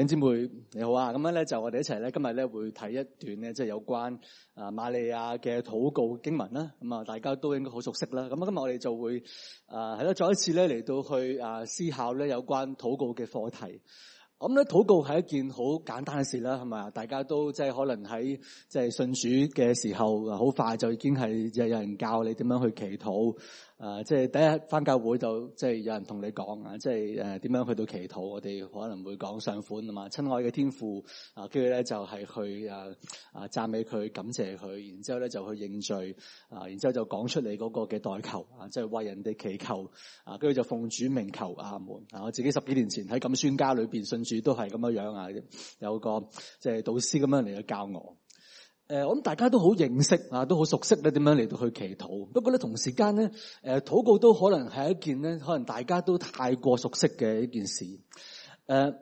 影姊妹你好啊，咁樣咧就我哋一齊咧今日咧會睇一段咧即係有關啊瑪利亞嘅禱告經文啦，咁啊大家都應該好熟悉啦。咁、嗯、啊今日我哋就會啊係咯，再一次咧嚟到去啊思考咧有關禱告嘅課題。咁咧禱告係一件好簡單嘅事啦，係嘛，大家都即係可能喺即係信主嘅時候，好快就已經係有有人教你點樣去祈禱。啊，即係第一翻教會就即係有人同你講啊，即係誒點樣去到祈禱，我哋可能會講上款啊嘛，親愛嘅天父啊，跟住咧就係去啊啊讚美佢感謝佢，然之後咧就去認罪啊，然之後就講出你嗰個嘅代求啊，即係為人哋祈求啊，跟住就奉主名求阿門啊！我自己十幾年前喺咁宣家裏邊信主都係咁樣樣啊，有個即係導師咁樣嚟去教我。誒，我諗大家都好認識啊，都好熟悉咧，點樣嚟到去祈禱？不過咧，同時間咧，誒，禱告都可能係一件咧，可能大家都太過熟悉嘅一件事。誒、呃，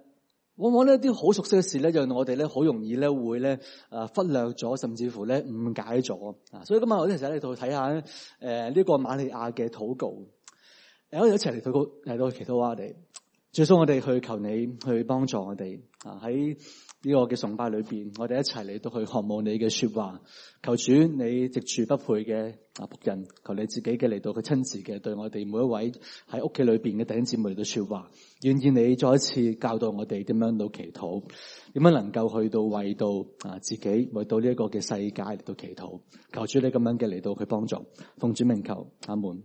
往往呢一啲好熟悉嘅事咧，讓我哋咧好容易咧會咧誒忽略咗，甚至乎咧誤解咗啊！所以今日我哋就嚟到睇下咧，誒、呃，呢、這個馬利亞嘅禱告。誒、呃，我哋一齊嚟禱告，嚟到祈禱我哋，主啊，我哋去求你去幫助我哋啊！喺呢個嘅崇拜裏邊，我哋一齊嚟到去渴慕你嘅說話。求主，你藉住不配嘅、啊、僕人，求你自己嘅嚟到佢親自嘅對我哋每一位喺屋企裏邊嘅弟兄姊妹嚟到說話。願意你再一次教導我哋點樣到祈禱，點樣能夠去到為到啊自己，為到呢一個嘅世界嚟到祈禱。求主你咁樣嘅嚟到去幫助，奉主名，求阿門。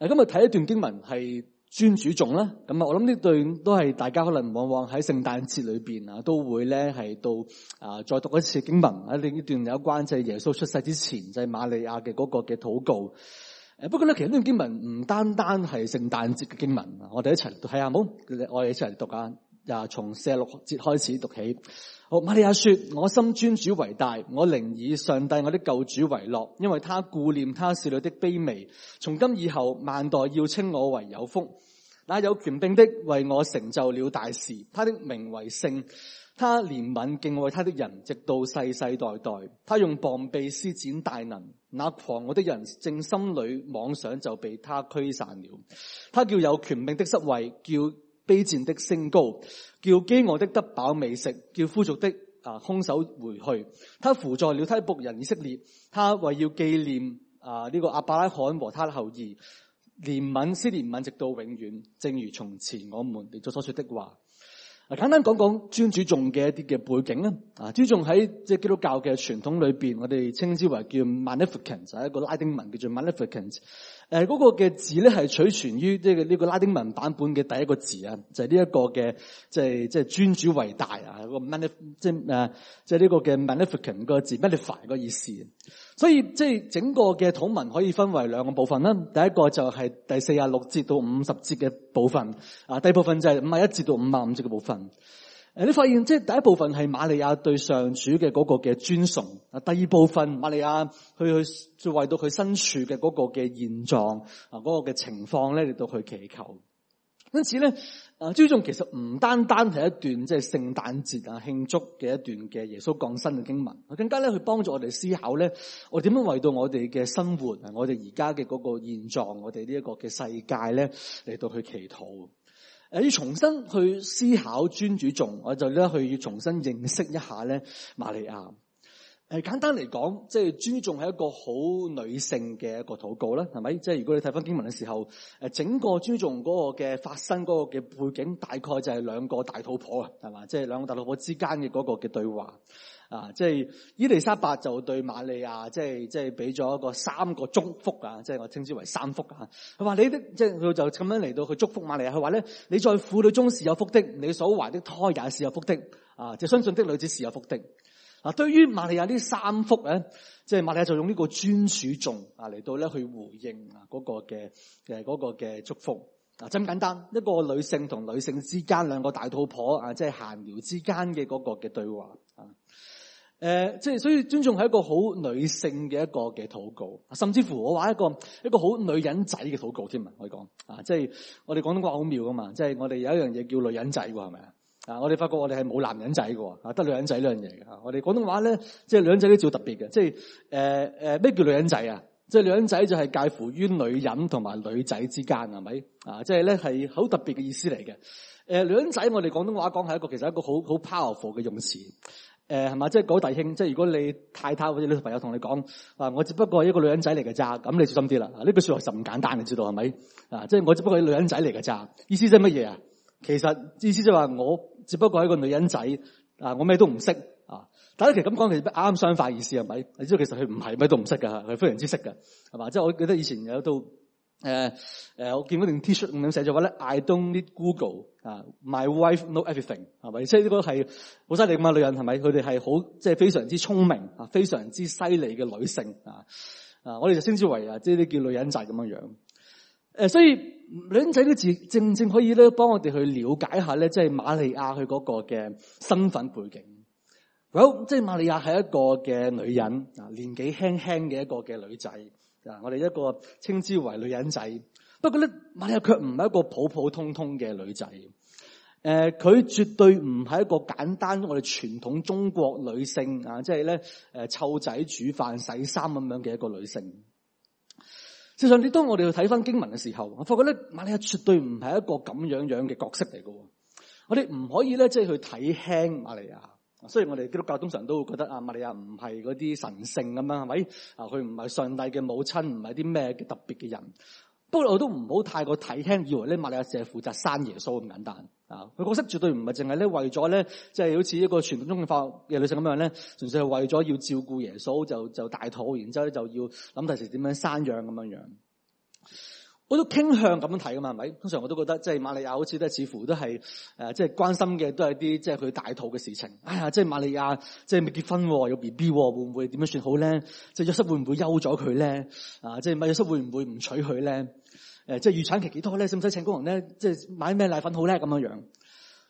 誒，今日睇一段經文係。尊主頌啦，咁啊，我諗呢段都係大家可能往往喺聖誕節裏邊啊，都會咧係到啊再讀一次經文，喺呢段有關就係耶穌出世之前，就係瑪利亞嘅嗰個嘅禱告。誒，不過咧其實呢段經文唔單單係聖誕節嘅經文，我哋一齊嚟睇下。好，我哋一齊嚟讀下。啊！從四十六節開始讀起。好，瑪利亞說：我心尊主為大，我靈以上帝我的救主為樂，因為他顧念他使女的卑微。從今以後，萬代要稱我為有福。那有權柄的為我成就了大事，他的名為聖。他憐憫敬畏他的人，直到世世代代。他用膀臂施展大能，那狂傲的人正心裏妄想就被他驅散了。他叫有權柄的失位，叫。卑賤的升高，叫飢餓的得飽美食，叫富足的啊空手回去。他扶助了他僕人以色列，他為要紀念啊呢、這個亞伯拉罕和他的後裔，憐憫斯憐憫直到永遠，正如從前我們列祖所說的話。啊，簡單講講尊主頌嘅一啲嘅背景啦。啊，尊主頌喺即係基督教嘅傳統裏邊，我哋稱之為叫 Magnificat，就係一個拉丁文叫做 Magnificat。誒，嗰個嘅字咧，係取自於即係呢個拉丁文版本嘅第一個字啊，就係呢一個嘅即係即係尊主為大啊、就是、個 man 即係誒即係呢個嘅 Magnificat 個字 magnify 個意思。所以即係、就是、整個嘅土文可以分為兩個部分啦。第一個就係第四十六節到五十節嘅部分啊，第二部分就係五十一節到五十五節嘅部分。誒，你發現即係第一部分係瑪利亞對上主嘅嗰個嘅尊崇啊，第二部分瑪利亞去去就為到佢身處嘅嗰個嘅現狀啊，嗰、那個嘅情況咧嚟到去祈求。因此咧，啊，呢種其實唔單單係一段即係聖誕節啊慶祝嘅一段嘅耶穌降生嘅經文，更加咧去幫助我哋思考咧，我點樣為到我哋嘅生活，我哋而家嘅嗰個現狀，我哋呢一個嘅世界咧嚟到去祈禱。我要重新去思考尊主頌，我就咧去要重新認識一下咧瑪利亞。誒，簡單嚟講，即係尊重係一個好女性嘅一個禱告啦，係咪？即係如果你睇翻經文嘅時候，誒，整個尊重嗰個嘅發生嗰個嘅背景，大概就係兩個大肚婆啊，係嘛？即係兩個大肚婆之間嘅嗰個嘅對話啊，即係伊麗莎白就對瑪利亞，即係即係俾咗一個三個祝福啊，即係我稱之為三福啊。佢話你啲，即係佢就咁樣嚟到去祝福瑪利亞，佢話咧，你在婦女中是有福的，你所懷的胎也是有福的，啊，就相信的女子是有福的。嗱，對於瑪利亞呢三幅，咧，即係瑪利亞就用呢個尊主頌啊嚟到咧去回應啊嗰個嘅誒嗰個嘅祝福啊，真簡單一個女性同女性之間兩個大肚婆啊，即係閒聊之間嘅嗰個嘅對話啊，誒、呃，即係所以尊重係一個好女性嘅一個嘅禱告，甚至乎我話一個一個好女人仔嘅禱告添啊，可以講啊，即係我哋廣東話好妙噶嘛，即係我哋有一樣嘢叫女人仔喎，係咪啊？啊！我哋發覺我哋係冇男人仔嘅，啊得女人仔呢樣嘢，吓，我哋廣東話咧，即係女人仔都最特別嘅。即係誒誒，咩，呃呃，叫女人仔啊？即係女人仔就係介乎於女人同埋女仔之間，係咪？啊，即係咧係好特別嘅意思嚟嘅。誒，呃，女人仔我哋廣東話講係一個其實一個好好 powerful 嘅用詞。誒，係咪？即係講弟兄，即係如果你太太或者女朋友同你講啊，呃，我只不過係一個女人仔嚟嘅咋，咁你小心啲啦。呢句說話實唔簡單，你知道係咪？啊，即係我只不過係女人仔嚟嘅咋，意思即係乜嘢啊？其實意思即係話，我只不過係一個女人仔啊，我咩都唔識啊。但係其實咁講，其實啱相反意思係咪？你知道其實佢唔係咩都唔識嘅，佢非常之識嘅係咪？即係、就是、我記得以前有套誒誒，我見嗰定 T 恤咁樣寫咗話咧，I don't need Google 啊，my wife know everything 係咪？即係呢個係好犀利咁嘅女人係咪？佢哋係好即係非常之聰明啊，非常之犀利嘅女性啊啊！我哋就稱之為啊，即係叫女人仔咁嘅樣。誒，所以女仔嘅字正正可以咧，幫我哋去了解下咧，即係瑪利亞佢嗰個嘅身份背景。w、well, 即係瑪利亞係一個嘅女人啊，年紀輕輕嘅一個嘅女仔啊，我哋一個稱之為女人仔。不過咧，瑪利亞卻唔係一個普普通通嘅女仔。誒、呃，佢絕對唔係一個簡單我哋傳統中國女性啊，即係咧誒，湊、呃、仔、煮飯、洗衫咁樣嘅一個女性。事實上，你當我哋去睇翻經文嘅時候，我發覺咧，瑪利亞絕對唔係一個咁樣樣嘅角色嚟㗎。我哋唔可以咧，即係去睇輕瑪利亞。雖然我哋基督教通常都會覺得啊，瑪利亞唔係嗰啲神聖咁樣，係咪啊？佢唔係上帝嘅母親，唔係啲咩嘅特別嘅人。不過我都唔好太過睇輕，以為咧瑪利亞只係負責生耶穌咁簡單。啊！佢角色絕對唔係淨係咧為咗咧，即係好似一個傳統中嘅法嘅女性咁樣咧，純粹係為咗要照顧耶穌就就大肚，然之後咧就要諗第時點樣生養咁樣樣。我都傾向咁樣睇噶嘛，係咪？通常我都覺得即係瑪利亞好似都係似乎都係誒，即係關心嘅都係啲即係佢大肚嘅事情。哎呀，即係瑪利亞即係未結婚有 B B，會唔會點樣算好咧？即係約瑟會唔會休咗佢咧？啊，即係約瑟會唔會唔娶佢咧？誒，即係預產期幾多咧？使唔使請工人咧？即係買咩奶粉好咧？咁樣樣，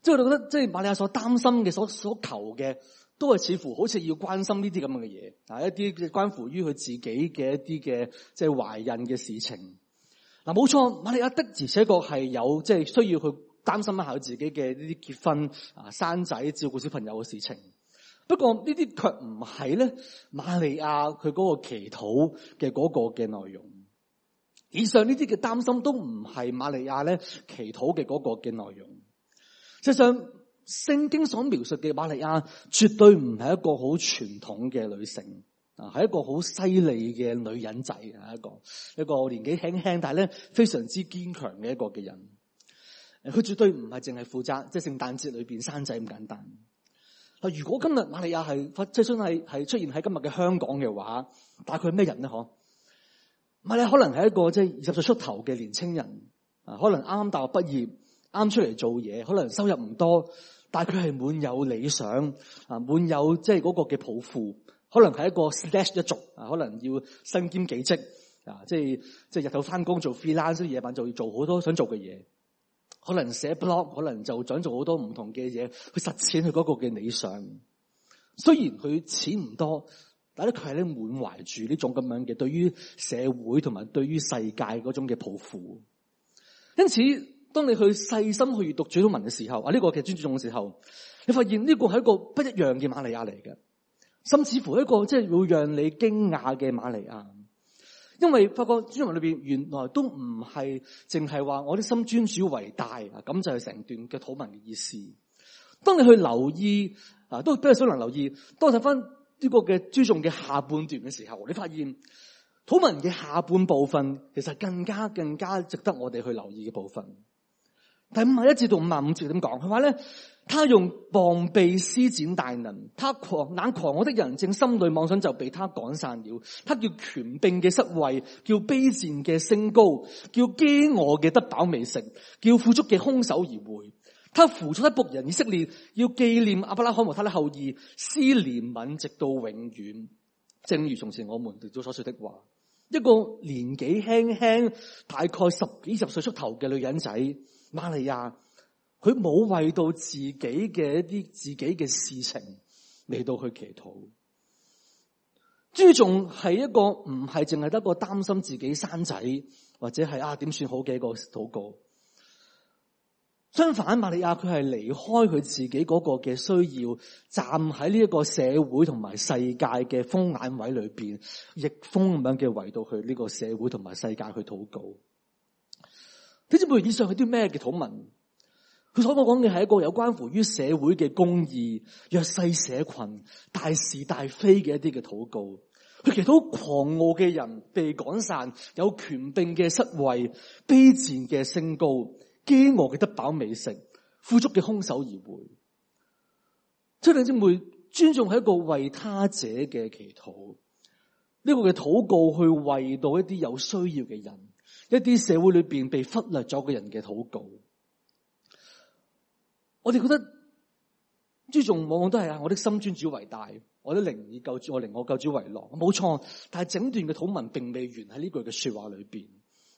即係我覺得，即係瑪利亞所擔心嘅、所所求嘅，都係似乎好似要關心呢啲咁嘅嘢，啊，一啲關乎於佢自己嘅一啲嘅即係懷孕嘅事情。嗱、啊，冇錯，瑪利亞的而且確係有即係需要去擔心一下自己嘅呢啲結婚啊、生仔、照顧小朋友嘅事情。不過不呢啲卻唔係咧瑪利亞佢嗰個祈禱嘅嗰個嘅內容。以上呢啲嘅擔心都唔係瑪利亞咧祈禱嘅嗰個嘅內容。實際上，聖經所描述嘅瑪利亞絕對唔係一個好傳統嘅女性啊，係一個好犀利嘅女人仔，係一個一個年紀輕輕但係咧非常之堅強嘅一個嘅人。佢絕對唔係淨係負責即係聖誕節裏邊生仔咁簡單。啊，如果今日瑪利亞係即真係係出現喺今日嘅香港嘅話，大概係咩人咧？嗬？唔係，你可能係一個即係二十歲出頭嘅年青人啊，可能啱啱大學畢業，啱出嚟做嘢，可能收入唔多，但係佢係滿有理想啊，滿有即係嗰個嘅抱負，可能係一個 slash 一族啊，可能要身兼幾職啊，即係即係日頭翻工做 freelance，夜晚就要做好多想做嘅嘢，可能寫 blog，可能就想做好多唔同嘅嘢去實踐佢嗰個嘅理想，雖然佢錢唔多。嗱，咧佢係咧滿懷住呢種咁樣嘅對於社會同埋對於世界嗰種嘅抱負，因此當你去細心去閱讀主禱文嘅時候，啊呢、這個嘅專注嘅時候，你發現呢個係一個不一樣嘅瑪利亞嚟嘅，甚至乎一個即係會讓你驚訝嘅瑪利亞，因為發覺主禱文裏邊原來都唔係淨係話我啲心尊主為大啊，咁就係成段嘅禱文嘅意思。當你去留意啊，都比較少人留意，多睇翻。呢個嘅注重嘅下半段嘅時候，你發現土文嘅下半部分，其實更加更加值得我哋去留意嘅部分。第五十一至到五十五,五節點講？佢話咧，他用膀臂施展大能，他狂眼，狂傲的人，正心裡妄想就被他趕散了。他叫權柄嘅失位，叫卑賤嘅升高，叫飢餓嘅得飽美食，叫富足嘅空手而回。他扶助一僕人，以色列要紀念亞伯拉罕和他的後裔，施憐憫直到永遠。正如從前我們基督所說的話。一個年紀輕輕，大概十幾十歲出頭嘅女人仔瑪利亞，佢冇為到自己嘅一啲自己嘅事情嚟到去祈禱，注重係一個唔係淨係得個擔心自己生仔，或者係啊點算好嘅一個禱告。相反，瑪利亞佢係離開佢自己嗰個嘅需要，站喺呢一個社會同埋世界嘅風眼位裏邊，逆風咁樣嘅圍到去呢個社會同埋世界去禱告。你知唔知以上係啲咩嘅禱文？佢所講講嘅係一個有關乎於社會嘅公義、弱勢社群、大是大非嘅一啲嘅禱告。佢見到狂傲嘅人被趕散，有權柄嘅失位，卑賤嘅升高。飢餓嘅得飽美食，富足嘅空手而回。真正先妹尊重係一個為他者嘅祈禱，呢、呢個嘅禱告去為到一啲有需要嘅人，一啲社會裏邊被忽略咗嘅人嘅禱告。我哋覺得尊重往往都係啊，我的心尊主為大，我的靈以救主我靈我救主為樂。冇錯，但係整段嘅禱文並未完喺呢句嘅說話裏邊。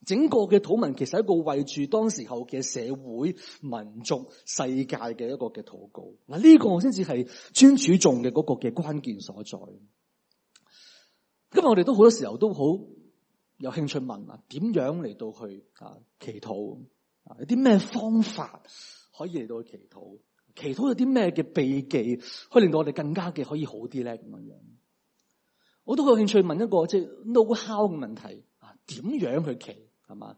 整個嘅禱文其實係一個圍住當時候嘅社會、民族、世界嘅一個嘅禱告。嗱，呢個我先至係尊主頌嘅個嘅關鍵所在。今日我哋都好多時候都好有興趣問啊，點樣嚟到去啊祈禱？啊，有啲咩方法可以嚟到去祈禱？祈禱有啲咩嘅秘技可以令到我哋更加嘅可以好啲咧？咁樣樣，我都有興趣問一個即係 know how 嘅問題啊，點樣去祈？係嘛？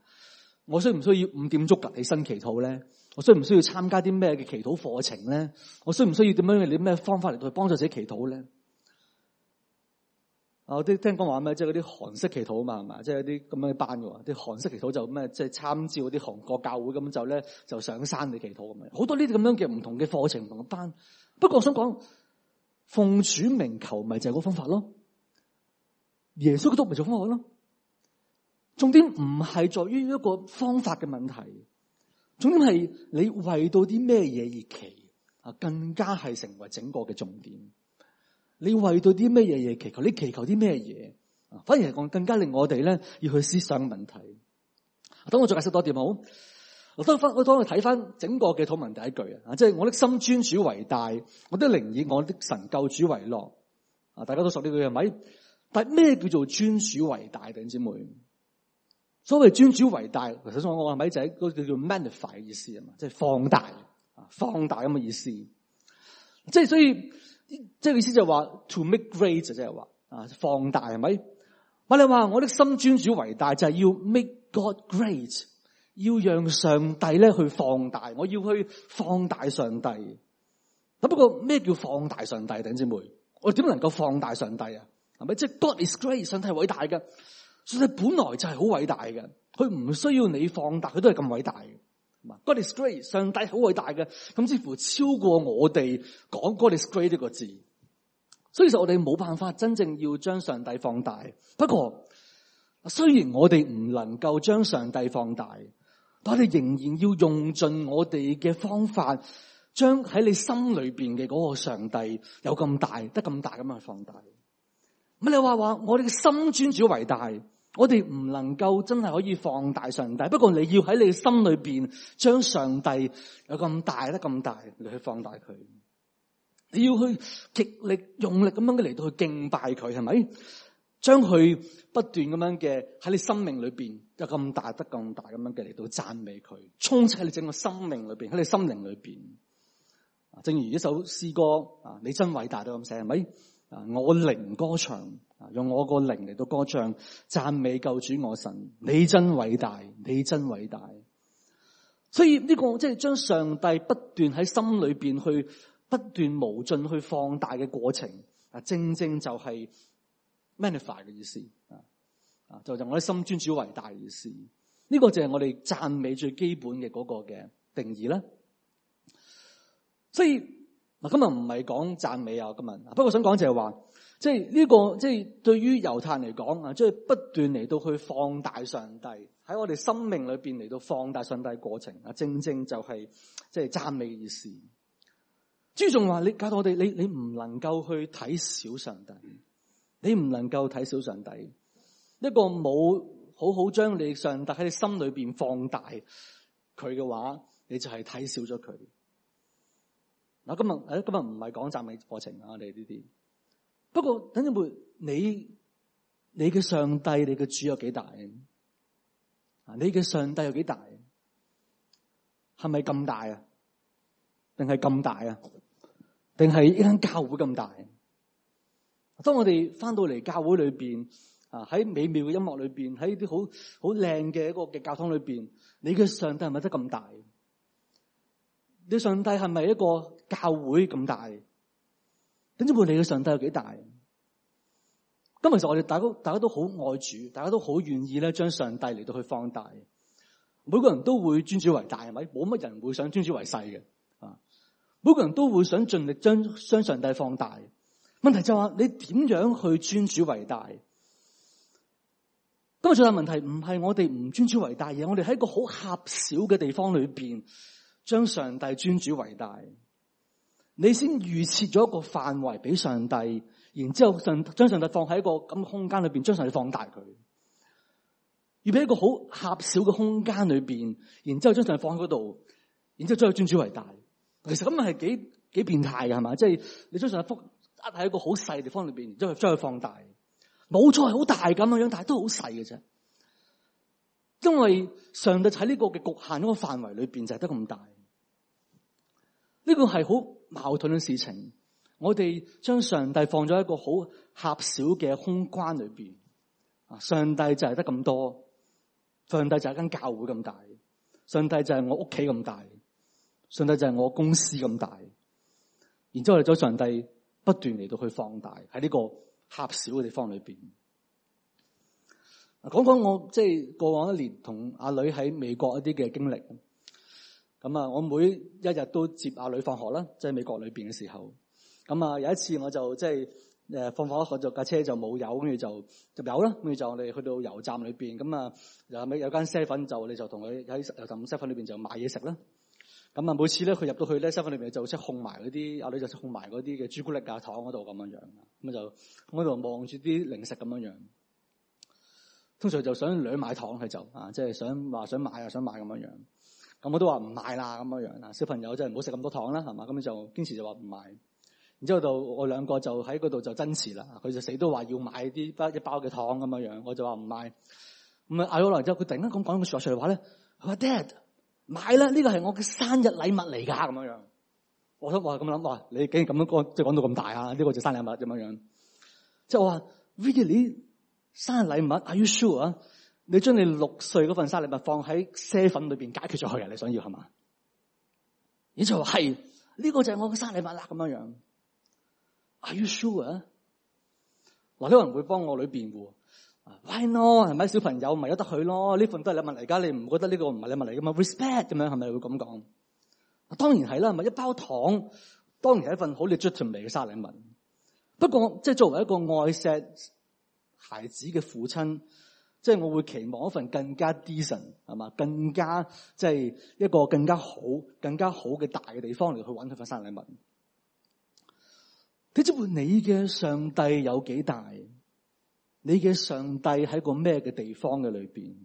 我需唔需要五點鐘及起身祈禱咧？我需唔需要參加啲咩嘅祈禱課程咧？我需唔需要點樣用啲咩方法嚟到幫助自己祈禱咧？啊，啲聽講話咩？即係嗰啲韓式祈禱啊嘛，係嘛？即係啲咁樣嘅班嘅喎，啲韓式祈禱就咩？即係參照啲韓國教會咁就咧，就上山去祈禱咁樣。好多呢啲咁樣嘅唔同嘅課程唔同嘅班。不過我想講奉主名求，咪就係嗰個方法咯。耶穌佢都咪做方法咯。重點唔係在於一個方法嘅問題，重點係你為到啲咩嘢而祈啊，更加係成為整個嘅重點。你為到啲咩嘢而祈求？你祈求啲咩嘢？反而嚟講，更加令我哋咧要去思想問題。等我再解釋多啲好。我當翻，我當去睇翻整個嘅禱文第一句啊，即係我的心尊主為大，我的靈以我的神救主為樂。啊，大家都熟呢句係咪？但咩叫做尊主為大，弟兄姊妹？所謂尊主為大，頭先我話咪就係、是、嗰、那個叫做 magnify 嘅意思啊嘛，即、就、係、是、放大啊，放大咁嘅意思。即係所以，即係意思就話 to make great 就即係話啊，放大係咪？我你話我啲心尊主為大就係、是、要 make God great，要讓上帝咧去放大，我要去放大上帝。咁不過咩叫放大上帝？弟姊妹，我點能夠放大上帝啊？係咪？即、就、係、是、God is great，上帝係偉大嘅。事實本來就係好偉大嘅，佢唔需要你放大，佢都係咁偉大嘅。God is great，上帝好偉大嘅，咁甚至乎超過我哋講 God is great 呢個字。所以其實我哋冇辦法真正要將上帝放大。不過雖然我哋唔能夠將上帝放大，但我哋仍然要用盡我哋嘅方法，將喺你心裏邊嘅嗰個上帝有咁大，得咁大咁樣去放大。咁你話話我哋嘅心尊主為大。我哋唔能夠真係可以放大上帝，不過你要喺你嘅心裏邊將上帝有咁大得咁大，大，你去放大佢，你要去極力用力咁樣嘅嚟到去敬拜佢，係咪？將佢不斷咁樣嘅喺你生命裏邊有咁大得咁大咁樣嘅嚟到讚美佢，充斥喺你整個生命裏邊，喺你心靈裏邊。啊，正如一首詩歌啊，你真偉大都咁寫係咪？是我靈歌唱，用我個靈嚟到歌唱，讚美救主我神，你真偉大，你真偉大。所以呢、這個即係、就是、將上帝不斷喺心裏邊去不斷無盡去放大嘅過程，啊，正正就係 manifest 嘅意思啊，就就是、我啲心尊主偉大嘅意思。呢、這個就係我哋讚美最基本嘅嗰個嘅定義啦。所以。今日唔係講讚美啊，今日，不過想講就係話，即係呢個，即係對於猶太人嚟講啊，即係不斷嚟到去放大上帝喺我哋生命裏邊嚟到放大上帝過程，啊，正正就係即係讚美嘅意思。朱仲話你教到我哋，你你唔能夠去睇小上帝，你唔能夠睇小上帝，一個冇好好將你上帝喺你心裏邊放大佢嘅話，你就係睇少咗佢。嗱，今日誒，今日唔係講讚美課程啊，我哋呢啲。不過等陣會，你你嘅上帝，你嘅主有幾大啊？你嘅上帝有幾大？係咪咁大啊？定係咁大啊？定係一間教會咁大？當我哋翻到嚟教會裏邊啊，喺美妙嘅音樂裏邊，喺啲好好靚嘅一個嘅教堂裏邊，你嘅上帝係咪得咁大？你上帝係咪一個教會咁大？點知會理嘅上帝有幾大？今日其實我哋大家大家都好愛主，大家都好願意咧將上帝嚟到去放大。每個人都會尊主為大，係咪？冇乜人會想尊主為細嘅啊！每個人都會想盡力將將上帝放大。問題就係話你點樣去尊主為大？今日最大問題唔係我哋唔尊主為大，而我哋喺一個好狹小嘅地方裏邊。將上帝尊主為大，你先預設咗一個範圍俾上帝，然之後神將上帝放喺一個咁空間裏邊，將上帝放大佢，預備一個好狹小嘅空間裏邊，然之後將上帝放喺嗰度，然之後將佢尊主為大。其實咁係幾幾變態嘅係嘛？即係、就是、你將上帝壓喺一個好細嘅地方裏邊，然之後將佢放大，冇錯係好大咁樣樣，但係都好細嘅啫。因為上帝喺呢個嘅局限嗰個範圍裏邊就係得咁大，呢個係好矛盾嘅事情。我哋將上帝放咗一個好狹小嘅空間裏邊，啊，上帝就係得咁多，上帝就係一間教會咁大，上帝就係我屋企咁大，上帝就係我公司咁大，然之後我哋將上帝不斷嚟到去放大喺呢個狹小嘅地方裏邊。講講我即係過往一年同阿女喺美國一啲嘅經歷，咁啊，我每一日都接阿女放學啦，即係美國裏邊嘅時候，咁啊有一次我就即係誒放放學就架車就冇油，跟住就就有啦，跟住就我哋去到油站裏邊，咁啊又咪有間 Seven 就你就同佢喺油站 Seven 裏邊就買嘢食啦。咁啊每次咧佢入到去咧 Seven 裏邊就識控埋嗰啲，阿女就控埋嗰啲嘅朱古力啊糖嗰度咁樣樣，咁就喺度望住啲零食咁樣，樣樣。通常就想兩買糖佢就啊，即係想話想買啊，想買咁樣樣。咁我都話唔買啦咁樣樣啊，小朋友即係唔好食咁多糖啦，係嘛。咁就堅持就話唔買。然之後就我兩個就喺嗰度就爭持啦。佢就死都話要買啲一，一包嘅糖咁樣樣。我就話唔買。咁啊嗌咗落嚟之後，佢突然間咁講咁說話出嚟話 Dad，爹，買啦！呢個係我嘅生日禮物嚟噶咁樣樣。我都話咁諗話，你竟然咁樣講，即係講到咁大啊！呢、這個就生日禮物咁樣樣。即係我話：Really？生日禮物？Are you sure 啊？你將你六歲嗰份生日禮物放喺痱粉裏邊解決咗佢啊？你想要係嘛？你就話，係呢個就係我嘅生日禮物啦咁樣樣。Are you sure 啊？嗱，呢啲人會幫我女辯護。Why not？係咪小朋友咪有得去咯？呢份都係禮物嚟噶，你唔覺得呢個唔係禮物嚟噶嘛？Respect 咁樣係咪會咁講？當然係啦，咪一包糖，當然係一份好 traditional 嚟嘅生日禮物。不過即係、就是、作為一個愛錫。孩子嘅父親，即係我會期望一份更加 decent 係嘛，更加即係一個更加好、更加好嘅大嘅地方嚟，去揾佢份生日禮物。你知會你嘅上帝有幾大？你嘅上帝喺個咩嘅地方嘅裏邊？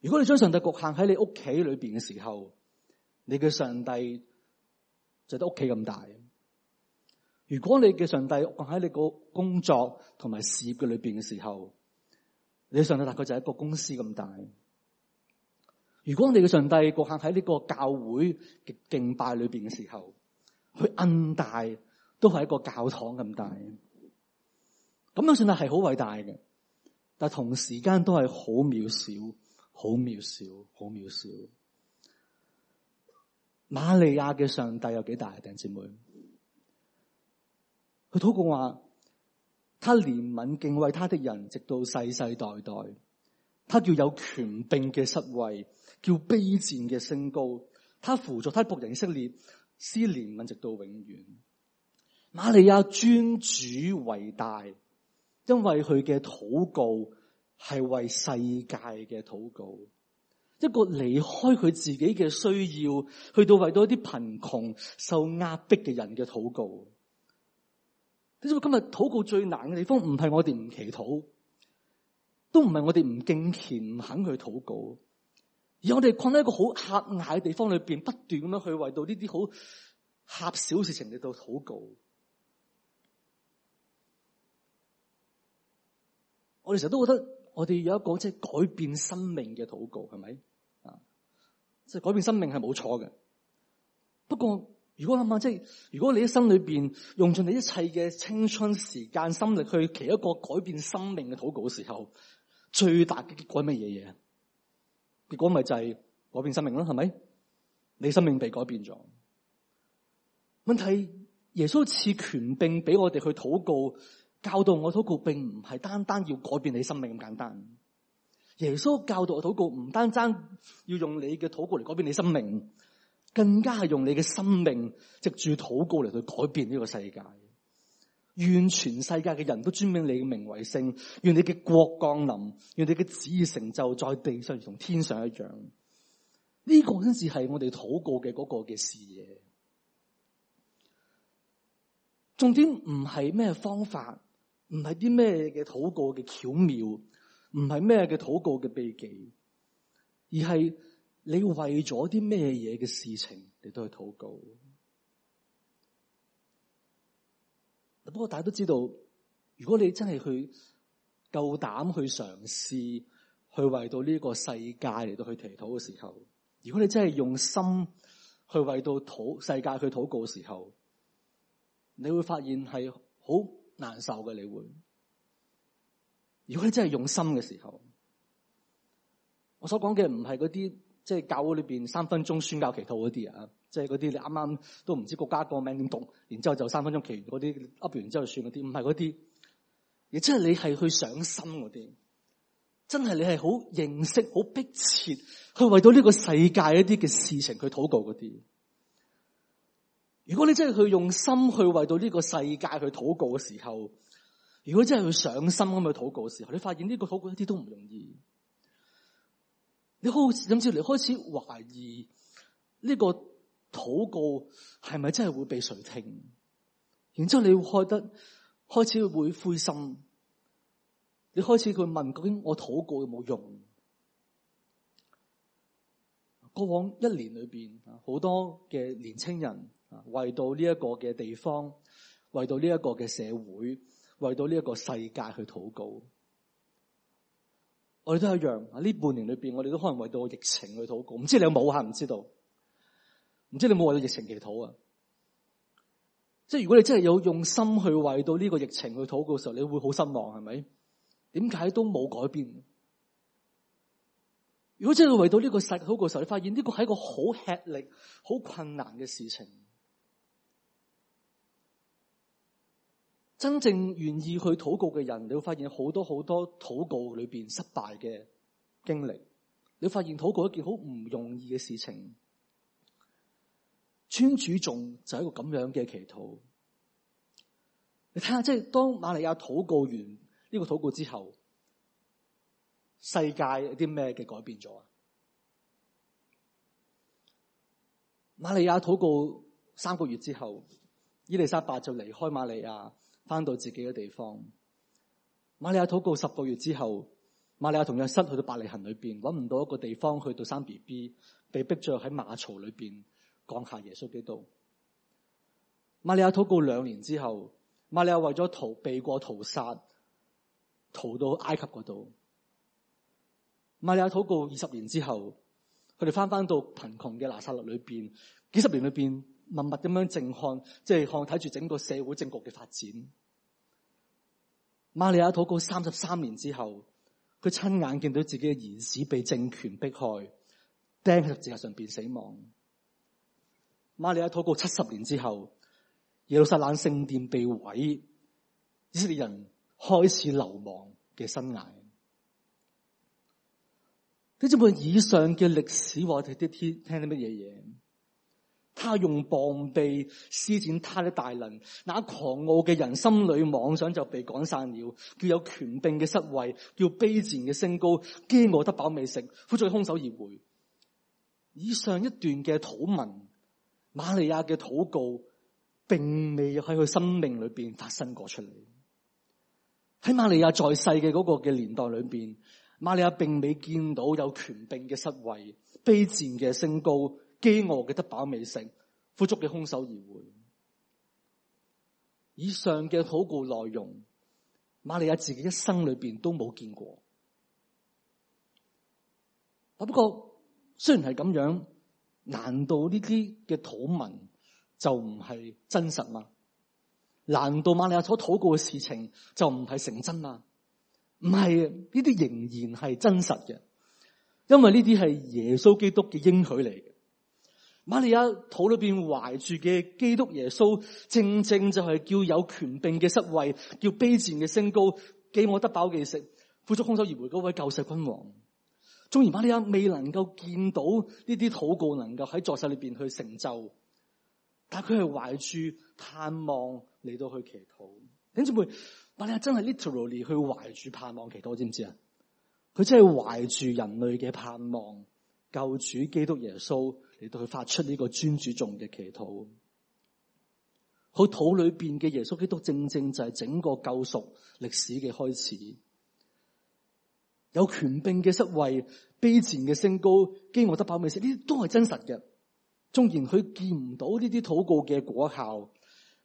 如果你將上帝局限喺你屋企裏邊嘅時候，你嘅上帝就得屋企咁大。如果你嘅上帝局限喺你個工作同埋事業嘅裏邊嘅時候，你嘅上帝大概就係一個公司咁大；如果你嘅上帝局限喺呢個教會嘅敬拜裏邊嘅時候，佢恩大都係一個教堂咁大。咁樣上帝係好偉大嘅，但係同時間都係好渺小，好渺小，好渺小。瑪利亞嘅上帝有幾大？弟兄姊妹。佢禱告話，他憐憫敬畏他的人，直到世世代代。他叫有權柄嘅失位，叫卑賤嘅升高。他扶助他僕人以色列，施憐憫直到永遠。瑪利亞尊主為大，因為佢嘅禱告係為世界嘅禱告，一個離開佢自己嘅需要，去到為到一啲貧窮受壓迫嘅人嘅禱告。你知道今日禱告最難嘅地方，唔係我哋唔祈禱，都唔係我哋唔敬虔，唔肯去禱告，而我哋困喺一個好狹隘嘅地方裏邊，不斷咁樣去爲到呢啲好狹小事情嚟到禱告。我哋成日都覺得我哋有一個即係改變生命嘅禱告，係咪啊？即係改變生命係冇錯嘅，不過。如果係咪即係如果你喺心裏邊用盡你一切嘅青春時間心力去祈一個改變生命嘅禱告嘅時候，最大嘅結果係乜嘢嘢？結果咪就係改變生命囉，係咪？你生命被改變咗。問題耶穌賜權柄俾我哋去禱告，教導我禱告，並唔係單單要改變你生命咁簡單。耶穌教導我禱告，唔單單要用你嘅禱告嚟改變你生命。更加係用你嘅生命藉住禱告嚟，去改變呢個世界，願全世界嘅人都尊名你嘅名為聖，願你嘅國降臨，願你嘅旨意成就在地上，如同天上一樣。呢、這個先至係我哋禱告嘅嗰個嘅視野。重點唔係咩方法，唔係啲咩嘅禱告嘅巧妙，唔係咩嘅禱告嘅秘技，而係，你為咗啲咩嘢嘅事情，你都去禱告。不過大家都知道，如果你真係去夠膽去嘗試，去為到呢個世界嚟到去祈禱嘅時候，如果你真係用心去為到禱世界去禱告嘅時候，你會發現係好難受嘅。你會，如果你真係用心嘅時候，我所講嘅唔係嗰啲。即係教會裏邊三分鐘宣教祈禱嗰啲啊，即係嗰啲你啱啱都唔知國家個名點讀，然之後就三分鐘祈完嗰啲，噏完之後算嗰啲，唔係嗰啲，亦即係你係去上心嗰啲，真係你係好認識、好迫切去為到呢個世界一啲嘅事情去禱告嗰啲。如果你真係去用心去為到呢個世界去禱告嘅時候，如果真係去上心咁去禱告嘅時候，你發現呢個禱告一啲都唔容易。你開始甚至嚟開始懷疑呢個禱告係咪真係會被誰聽？然之後你會覺得開始會灰心，你開始去問：究竟我禱告有冇用？過往一年裏邊，好多嘅年青人為到呢一個嘅地方，為到呢一個嘅社會，為到呢一個世界去禱告。我哋都一樣，呢半年裏邊我哋都可能為到疫情去禱告。唔知你有冇吓？唔知道，唔知你有冇為到疫情祈禱啊？即係如果你真係有用心去為到呢個疫情去禱告嘅時候，你會好失望，係咪？點解都冇改變？如果真係為到呢個實禱告嘅時候，你發現呢個係一個好吃力、好困難嘅事情。真正願意去禱告嘅人，你會發現好多好多禱告裏邊失敗嘅經歷。你會發現禱告一件好唔容易嘅事情。尊主頌就係一個咁樣嘅祈禱。你睇下，即係當瑪利亞禱告完呢個禱告之後，世界有啲咩嘅改變咗啊？瑪利亞禱告三個月之後，伊麗莎白就離開瑪利亞。翻到自己嘅地方，瑪利亞禱告十個月之後，瑪利亞同樣失去到伯利恆裏邊，揾唔到一個地方去到生 B B，被逼住喺馬槽裏邊降下耶穌基督。瑪利亞禱告兩年之後，瑪利亞為咗逃避過屠殺，逃到埃及嗰度。瑪利亞禱告二十年之後，佢哋翻返到貧窮嘅拿撒勒裏邊，幾十年裏邊，默默咁樣靜看，即係看睇住整個社會政局嘅發展。瑪利亞禱告三十三年之後，佢親眼見到自己嘅兒子被政權迫害，釘喺十字架上邊死亡。瑪利亞禱告七十年之後，耶路撒冷聖殿被毀，以色列人開始流亡嘅生涯。知唔知道以上嘅歷史，我哋啲聽啲乜嘢嘢？他用膀臂施展他的大能，那狂傲嘅人心裏妄想就被趕散了。叫有權柄嘅失位，叫卑賤嘅升高，飢餓得飽美食，富足空手而回。以上一段嘅禱文，瑪利亞嘅禱告，並未喺佢生命裏邊發生過出嚟。喺瑪利亞在世嘅嗰個嘅年代裏邊，瑪利亞並未見到有權柄嘅失位、卑賤嘅升高。飢餓嘅得飽美食，富足嘅空手而回。以上嘅禱告內容，瑪利亞自己一生裏邊都冇見過。不過雖然係咁樣，難道呢啲嘅禱文就唔係真實嗎？難道瑪利亞所禱告嘅事情就唔係成真嗎？唔係，呢啲仍然係真實嘅，因為呢啲係耶穌基督嘅應許嚟嘅。瑪利亞肚裏邊懷住嘅基督耶穌，正正就係叫有權柄嘅失位，叫卑賤嘅升高，飢渴得飽嘅食，富足空手而回嗰位救世君王。縱然瑪利亞未能夠見到呢啲禱告能夠喺作世裏邊去成就，但係佢係懷住盼望嚟到去祈禱。你知唔知？瑪利亞真係 literally 去懷住盼望祈禱，知唔知啊？佢真係懷住人類嘅盼望，救主基督耶穌。嚟到去發出呢個尊主頌嘅祈禱，佢肚裏邊嘅耶穌基督正正就係整個救贖歷史嘅開始。有權柄嘅失位、卑賤嘅升高、飢餓得飽美食，呢啲都係真實嘅。縱然佢見唔到呢啲禱告嘅果效，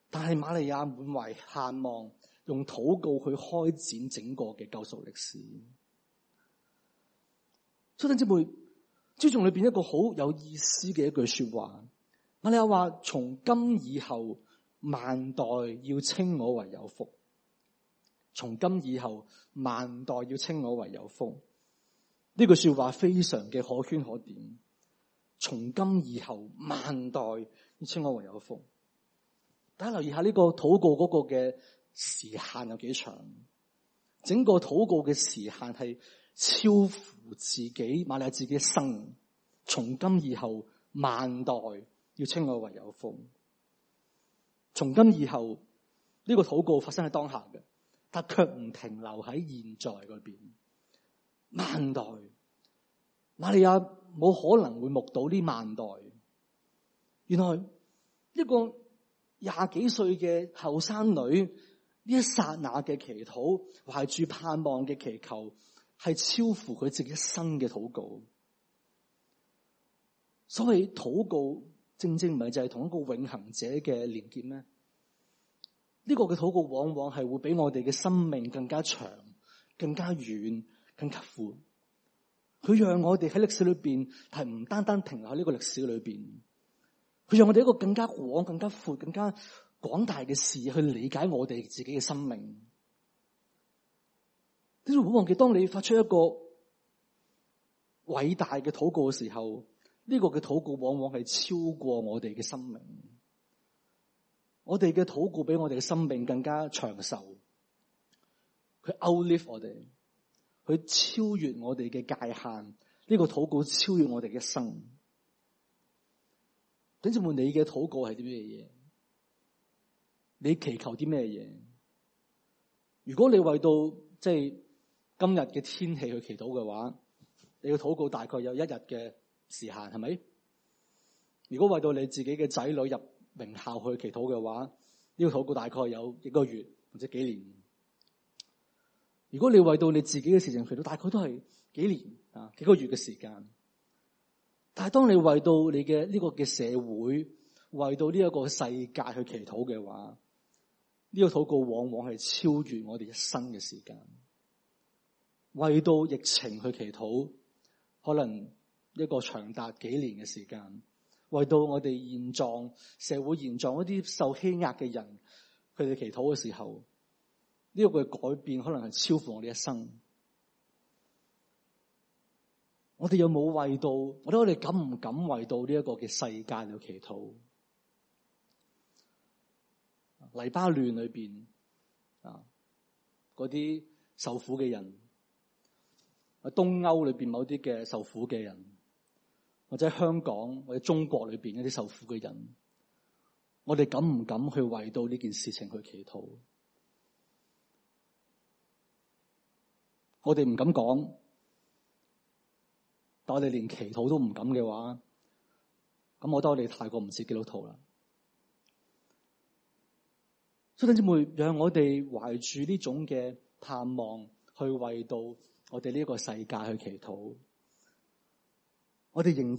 但係瑪利亞滿懷盼望，用禱告去開展整個嘅救贖歷史。初生姐妹。尊主頌裏邊一個好有意思嘅一句說話，馬利亞話：從今以後萬代要稱我為有福；從今以後萬代要稱我為有福。呢句說話非常嘅可圈可點。從今以後萬代要稱我為有福，大家留意下呢個禱告嗰個嘅時限有幾長？整個禱告嘅時限係。超乎自己，瑪利亞自己生，從今以後萬代要稱我為有福。從今以後呢、這個禱告發生喺當下嘅，但卻唔停留喺現在嗰邊。萬代，瑪利亞冇可能會目睹呢萬代。原來一個廿幾歲嘅後生女，呢一剎那嘅祈禱，懷住盼望嘅祈求。係超乎佢自己一生嘅禱告。所謂禱告，正正唔係就係同一個永恒者嘅連結咩？呢個嘅禱告往往係會比我哋嘅生命更加長、更加遠、更加闊。佢讓我哋喺歷史裏邊係唔單單停留喺呢個歷史裏邊，佢讓我哋一個更加廣、更加闊、更加廣大嘅事去理解我哋自己嘅生命。你唔好忘記，當你發出一個偉大嘅禱告嘅時候，呢個嘅禱告往往係超過我哋嘅生命，我哋嘅禱告比我哋嘅生命更加長壽。佢 outlive 我哋，佢超越我哋嘅界限。呢個禱告超越我哋嘅生。等住問你嘅禱告係啲咩嘢？你祈求啲咩嘢？如果你為到即係。今日嘅天氣去祈禱嘅話，你要禱告大概有一日嘅時限，係咪？如果為到你自己嘅仔女入名校去祈禱嘅話，呢個禱告大概有一個月或者幾年。如果你為到你自己嘅事情祈禱，大概都係幾年啊幾個月嘅時間。但係當你為到你嘅呢個嘅社會，為到呢一個世界去祈禱嘅話，呢個禱告往往係超越我哋一生嘅時間。為到疫情去祈禱，可能一個長達幾年嘅時間；為到我哋現狀、社會現狀嗰啲受欺壓嘅人，佢哋祈禱嘅時候，呢個嘅改變可能係超乎我哋一生。我哋有冇為到，或者我哋敢唔敢為到呢一個嘅世界去祈禱？黎巴嫩裏邊啊，嗰啲受苦嘅人。東歐裏邊某啲嘅受苦嘅人，或者香港或者中國裏邊一啲受苦嘅人，我哋敢唔敢去為到呢件事情去祈禱？我哋唔敢講，但我哋連祈禱都唔敢嘅話，咁我覺得我哋太過唔似基督徒啦。親親姊妹，讓我哋懷住呢種嘅盼望去為到。我哋呢一個世界去祈禱，我哋仍然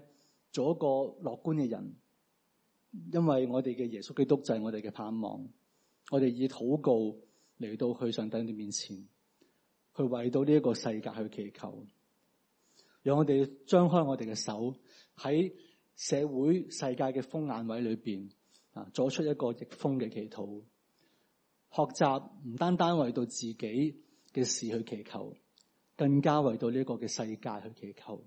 嘅做一個樂觀嘅人，因為我哋嘅耶穌基督就係我哋嘅盼望，我哋以禱告嚟到去上帝嘅面前，去為到呢一個世界去祈求，讓我哋張開我哋嘅手喺社會世界嘅風眼位裏邊啊，做出一個逆風嘅祈禱，學習唔單單為到自己嘅事去祈求。更加為到呢一個嘅世界去祈求，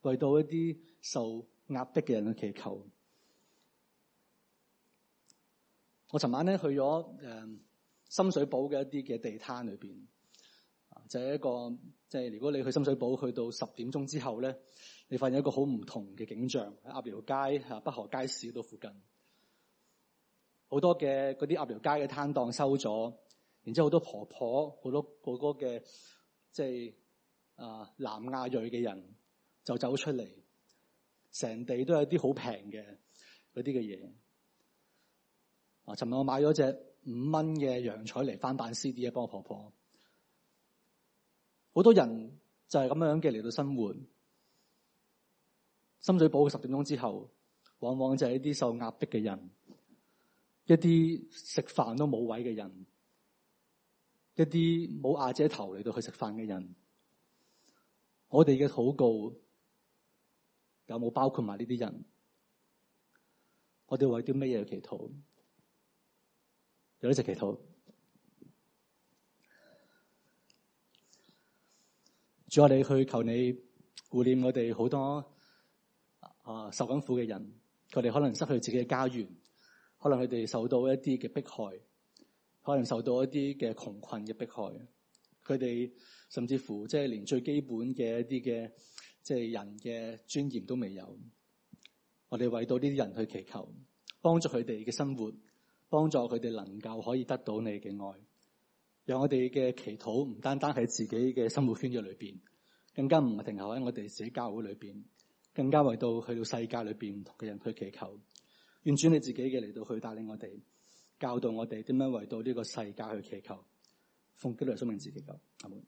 為到一啲受壓迫嘅人去祈求。我尋晚咧，去咗誒、嗯、深水埗嘅一啲嘅地攤裏邊，就係、是、一個即係、就是、如果你去深水埗去到十點鐘之後咧，你發現一個好唔同嘅景象喺鴨寮街吓北河街市度附近，好多嘅嗰啲鴨寮街嘅攤檔收咗，然之後好多婆婆好多哥哥嘅。即係啊，南亞裔嘅人就走出嚟，成地都有啲好平嘅嗰啲嘅嘢。啊，尋日我買咗隻五蚊嘅洋彩嚟翻版 CD 嘅，幫我婆婆。好多人就係咁樣嘅嚟到生活，深水埗十點鐘之後，往往就係一啲受壓迫嘅人，一啲食飯都冇位嘅人。一啲冇阿姐頭嚟到去食飯嘅人，我哋嘅禱告有冇包括埋呢啲人？我哋為啲咩嘢祈禱？有呢隻祈禱？仲有你去求你顧念我哋好多啊、呃、受緊苦嘅人，佢哋可能失去自己嘅家園，可能佢哋受到一啲嘅迫害。可能受到一啲嘅窮困嘅迫害，佢哋甚至乎即係連最基本嘅一啲嘅，即係人嘅尊嚴都未有。我哋為到呢啲人去祈求，幫助佢哋嘅生活，幫助佢哋能夠可以得到你嘅愛。讓我哋嘅祈禱唔單單喺自己嘅生活圈嘅裏邊，更加唔係停留喺我哋自己教會裏邊，更加為到去到世界裏邊唔同嘅人去祈求。願主你自己嘅嚟到去帶領我哋。教導我哋點樣為到呢個世界去祈求，奉基督生命自己救。阿門。